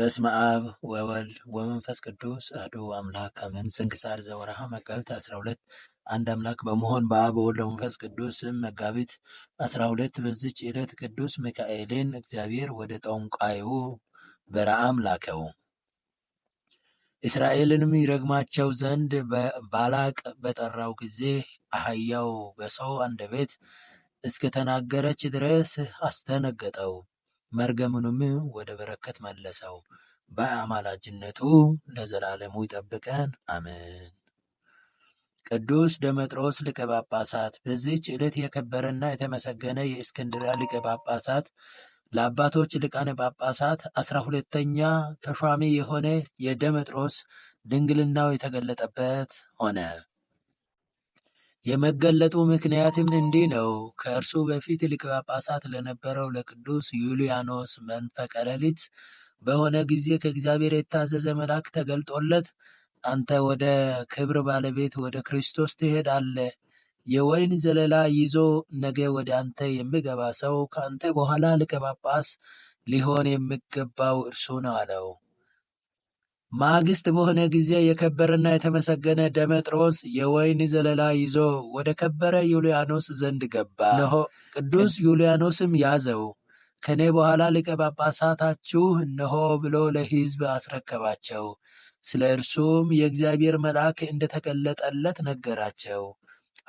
በስመ አብ ወወልድ ወመንፈስ ቅዱስ አሐዱ አምላክ አሜን። ስንክሳር ዘወርኃ መጋቢት 12 አንድ አምላክ በመሆን በአብ በወልድ በመንፈስ ቅዱስ ስም መጋቢት 12 በዚች ዕለት ቅዱስ ሚካኤልን እግዚአብሔር ወደ ጠንቋዩ በለዓም ላከው። እስራኤልንም ይረግማቸው ዘንድ ባላቅ በጠራው ጊዜ አህያው በሰው አንደበት እስከተናገረች ድረስ አስደነገጠው። መርገሙንም ወደ በረከት መለሰው። በአማላጅነቱ ለዘላለሙ ይጠብቀን፣ አሜን። ቅዱስ ደመጥሮስ ሊቀ ጳጳሳት። በዚች ዕለት የከበረና የተመሰገነ የእስክንድሪያ ሊቀ ጳጳሳት ለአባቶች ሊቃነ ጳጳሳት አስራ ሁለተኛ ተሿሚ የሆነ የደመጥሮስ ድንግልናው የተገለጠበት ሆነ። የመገለጡ ምክንያትም እንዲህ ነው። ከእርሱ በፊት ሊቀ ጳጳሳት ለነበረው ለቅዱስ ዩልያኖስ መንፈቀ ሌሊት በሆነ ጊዜ ከእግዚአብሔር የታዘዘ መልአክ ተገልጦለት አንተ ወደ ክብር ባለቤት ወደ ክርስቶስ ትሄዳለህ። የወይን ዘለላ ይዞ ነገ ወደ አንተ የሚገባ ሰው ከአንተ በኋላ ሊቀ ጳጳስ ሊሆን የሚገባው እርሱ ነው አለው። ማግስት በሆነ ጊዜ የከበረና የተመሰገነ ደመጥሮስ የወይን ዘለላ ይዞ ወደ ከበረ ዩልያኖስ ዘንድ ገባ። እነሆ ቅዱስ ዩልያኖስም ያዘው፣ ከእኔ በኋላ ሊቀ ጳጳሳታችሁ እነሆ ብሎ ለሕዝብ አስረከባቸው። ስለ እርሱም የእግዚአብሔር መልአክ እንደተገለጠለት ነገራቸው።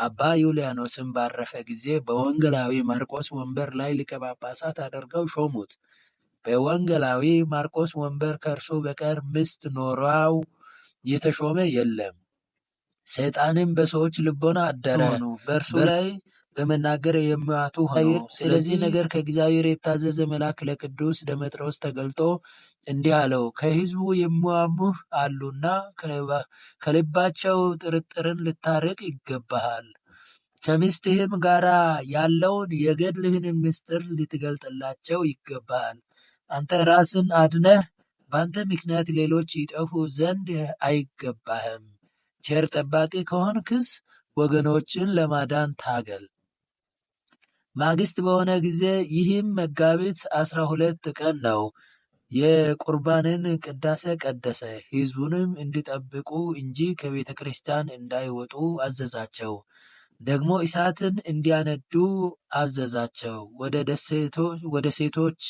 አባ ዩልያኖስም ባረፈ ጊዜ በወንጌላዊ ማርቆስ ወንበር ላይ ሊቀ ጳጳሳት አድርገው ሾሙት። በወንጌላዊ ማርቆስ ወንበር ከእርሱ በቀር ሚስት ኖሯው የተሾመ የለም። ሰይጣንም በሰዎች ልቦና አደረ፣ በእርሱ ላይ በመናገር የሚዋቱ ሆኑ። ስለዚህ ነገር ከእግዚአብሔር የታዘዘ መልአክ ለቅዱስ ደመጥሮስ ተገልጦ እንዲህ አለው፣ ከሕዝቡ የሚዋሙህ አሉና ከልባቸው ጥርጥርን ልታርቅ ይገባሃል። ከሚስትህም ጋራ ያለውን የገድልህን ምስጢር ልትገልጥላቸው ይገባሃል። አንተ ራስን አድነህ በአንተ ምክንያት ሌሎች ይጠፉ ዘንድ አይገባህም። ቸር ጠባቂ ከሆንክስ ወገኖችን ለማዳን ታገል። ማግስት በሆነ ጊዜ ይህም መጋቢት አስራ ሁለት ቀን ነው። የቁርባንን ቅዳሴ ቀደሰ። ሕዝቡንም እንዲጠብቁ እንጂ ከቤተ ክርስቲያን እንዳይወጡ አዘዛቸው። ደግሞ እሳትን እንዲያነዱ አዘዛቸው። ወደ ሴቶች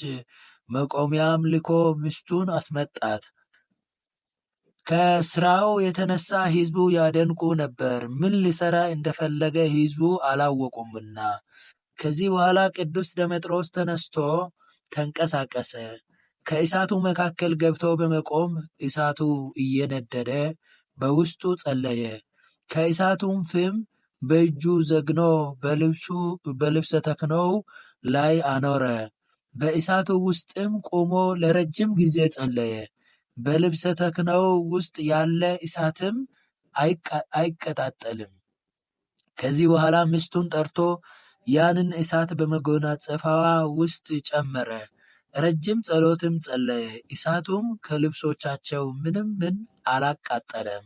መቆሚያም ልኮ ሚስቱን አስመጣት። ከስራው የተነሳ ህዝቡ ያደንቁ ነበር፣ ምን ሊሰራ እንደፈለገ ህዝቡ አላወቁምና። ከዚህ በኋላ ቅዱስ ደመጥሮስ ተነስቶ ተንቀሳቀሰ። ከእሳቱ መካከል ገብቶ በመቆም እሳቱ እየነደደ በውስጡ ጸለየ። ከእሳቱም ፍም በእጁ ዘግኖ በልብሰ ተክኖው ላይ አኖረ። በእሳቱ ውስጥም ቆሞ ለረጅም ጊዜ ጸለየ። በልብሰ ተክህኖው ውስጥ ያለ እሳትም አይቀጣጠልም። ከዚህ በኋላ ሚስቱን ጠርቶ ያንን እሳት በመጎናጸፊያዋ ውስጥ ጨመረ። ረጅም ጸሎትም ጸለየ። እሳቱም ከልብሶቻቸው ምንም ምን አላቃጠለም።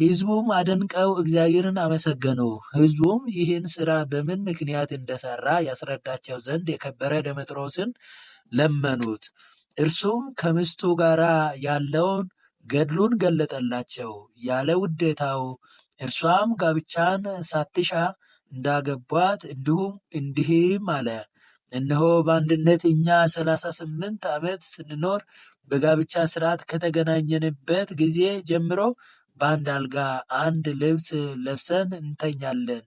ሕዝቡም አደንቀው እግዚአብሔርን አመሰገኑ። ሕዝቡም ይህን ሥራ በምን ምክንያት እንደሠራ ያስረዳቸው ዘንድ የከበረ ደመጥሮስን ለመኑት። እርሱም ከምስቱ ጋር ያለውን ገድሉን ገለጠላቸው ያለ ውዴታው። እርሷም ጋብቻን ሳትሻ እንዳገቧት እንዲህም አለ። እነሆ በአንድነት እኛ ሰላሳ ስምንት ዓመት ስንኖር በጋብቻ ስርዓት ከተገናኘንበት ጊዜ ጀምሮ በአንድ አልጋ አንድ ልብስ ለብሰን እንተኛለን።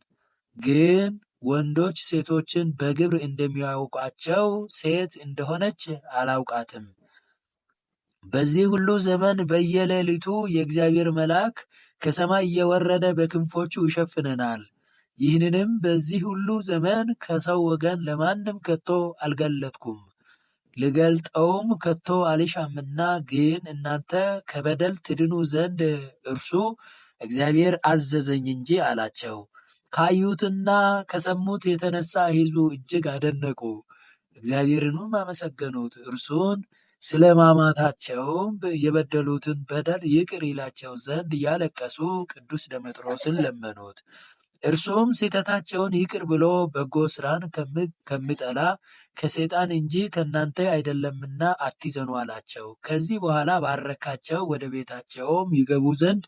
ግን ወንዶች ሴቶችን በግብር እንደሚያውቋቸው ሴት እንደሆነች አላውቃትም። በዚህ ሁሉ ዘመን በየሌሊቱ የእግዚአብሔር መልአክ ከሰማይ እየወረደ በክንፎቹ ይሸፍነናል። ይህንንም በዚህ ሁሉ ዘመን ከሰው ወገን ለማንም ከቶ አልገለጥኩም። ልገልጠውም ከቶ አልሻምና ግን እናንተ ከበደል ትድኑ ዘንድ እርሱ እግዚአብሔር አዘዘኝ እንጂ አላቸው። ካዩትና ከሰሙት የተነሳ ሕዝቡ እጅግ አደነቁ፣ እግዚአብሔርንም አመሰገኑት። እርሱን ስለ ማማታቸውም የበደሉትን በደል ይቅር ይላቸው ዘንድ እያለቀሱ ቅዱስ ደመጥሮስን ለመኑት። እርሱም ሴተታቸውን ይቅር ብሎ በጎ ስራን ከሚጠላ ከሰይጣን እንጂ ከእናንተ አይደለምና አትዘኑ አላቸው። ከዚህ በኋላ ባረካቸው፣ ወደ ቤታቸውም ይገቡ ዘንድ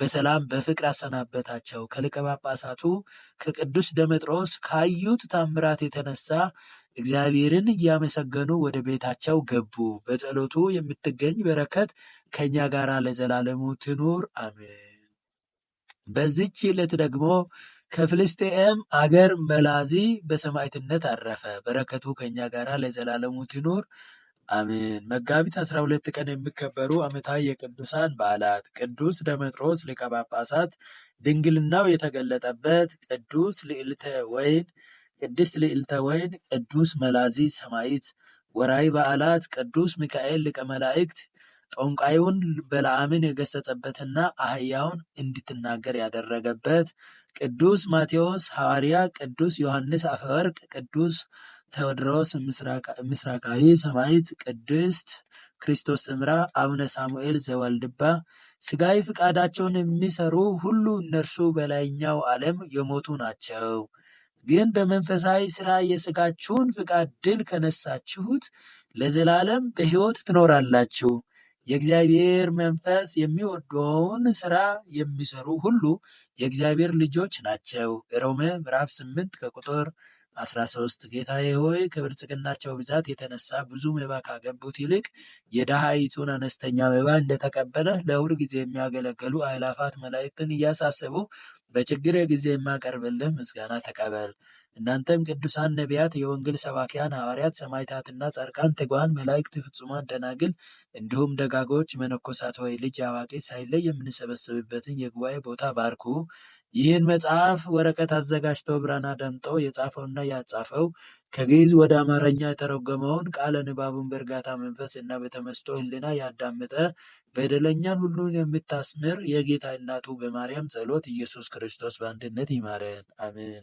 በሰላም በፍቅር አሰናበታቸው። ከሊቀ ጳጳሳቱ ከቅዱስ ደመጥሮስ ካዩት ታምራት የተነሳ እግዚአብሔርን እያመሰገኑ ወደ ቤታቸው ገቡ። በጸሎቱ የምትገኝ በረከት ከእኛ ጋር ለዘላለሙ ትኑር አሜን። በዚች ዕለት ደግሞ ከፍልስጤም አገር መላዚ በሰማዕትነት አረፈ። በረከቱ ከእኛ ጋር ለዘላለሙ ትኑር አሜን። መጋቢት 12 ቀን የሚከበሩ ዓመታዊ የቅዱሳን በዓላት ቅዱስ ደመጥሮስ ሊቀ ጳጳሳት፣ ድንግልናው የተገለጠበት ቅዱስ ልዕልተ ወይን ቅድስት ልዕልተ ወይን፣ ቅዱስ መላዚ ሰማዕት። ወርኃዊ በዓላት ቅዱስ ሚካኤል ሊቀ መላእክት ጠንቋዩን በለዓምን የገሰጸበትና አህያውን እንድትናገር ያደረገበት ቅዱስ ማቴዎስ ሐዋርያ፣ ቅዱስ ዮሐንስ አፈወርቅ፣ ቅዱስ ቴዎድሮስ ምስራቃዊ ሰማዕት፣ ቅድስት ክርስቶስ ሠምራ፣ አቡነ ሳሙኤል ዘዋልድባ ሥጋዊ ፍቃዳቸውን የሚሰሩ ሁሉ እነርሱ በላይኛው ዓለም የሞቱ ናቸው። ግን በመንፈሳዊ ሥራ የሥጋችሁን ፍቃድ ድል ከነሳችሁት ለዘላለም በሕይወት ትኖራላችሁ። የእግዚአብሔር መንፈስ የሚወደውን ስራ የሚሰሩ ሁሉ የእግዚአብሔር ልጆች ናቸው። ሮሜ ምዕራፍ 8 ከቁጥር 13 ጌታዬ ሆይ ከብልጽግናቸው ብዛት የተነሳ ብዙ መባ ካገቡት ይልቅ የድሃይቱን አነስተኛ መባ እንደተቀበለ ለሁል ጊዜ የሚያገለግሉ አእላፋት መላእክትን እያሳሰቡ በችግር ጊዜ የማቀርብልህ ምስጋና ተቀበል። እናንተም ቅዱሳን ነቢያት፣ የወንጌል ሰባኪያን ሐዋርያት፣ ሰማዕታትና ጻድቃን፣ ትጉሃን መላእክት፣ ፍጹማን ደናግል፣ እንዲሁም ደጋጎች መነኮሳት ወይ ልጅ አዋቂ ሳይለይ የምንሰበሰብበትን የጉባኤ ቦታ ባርኩ። ይህን መጽሐፍ ወረቀት አዘጋጅተው ብራና ደምጦ የጻፈውና ያጻፈው ከግዕዝ ወደ አማርኛ የተረጎመውን ቃለ ንባቡን በእርጋታ መንፈስ እና በተመስጦ ሕሊና ያዳመጠ በደለኛን ሁሉን የምታስምር የጌታ እናቱ በማርያም ጸሎት ኢየሱስ ክርስቶስ በአንድነት ይማረን፣ አሜን።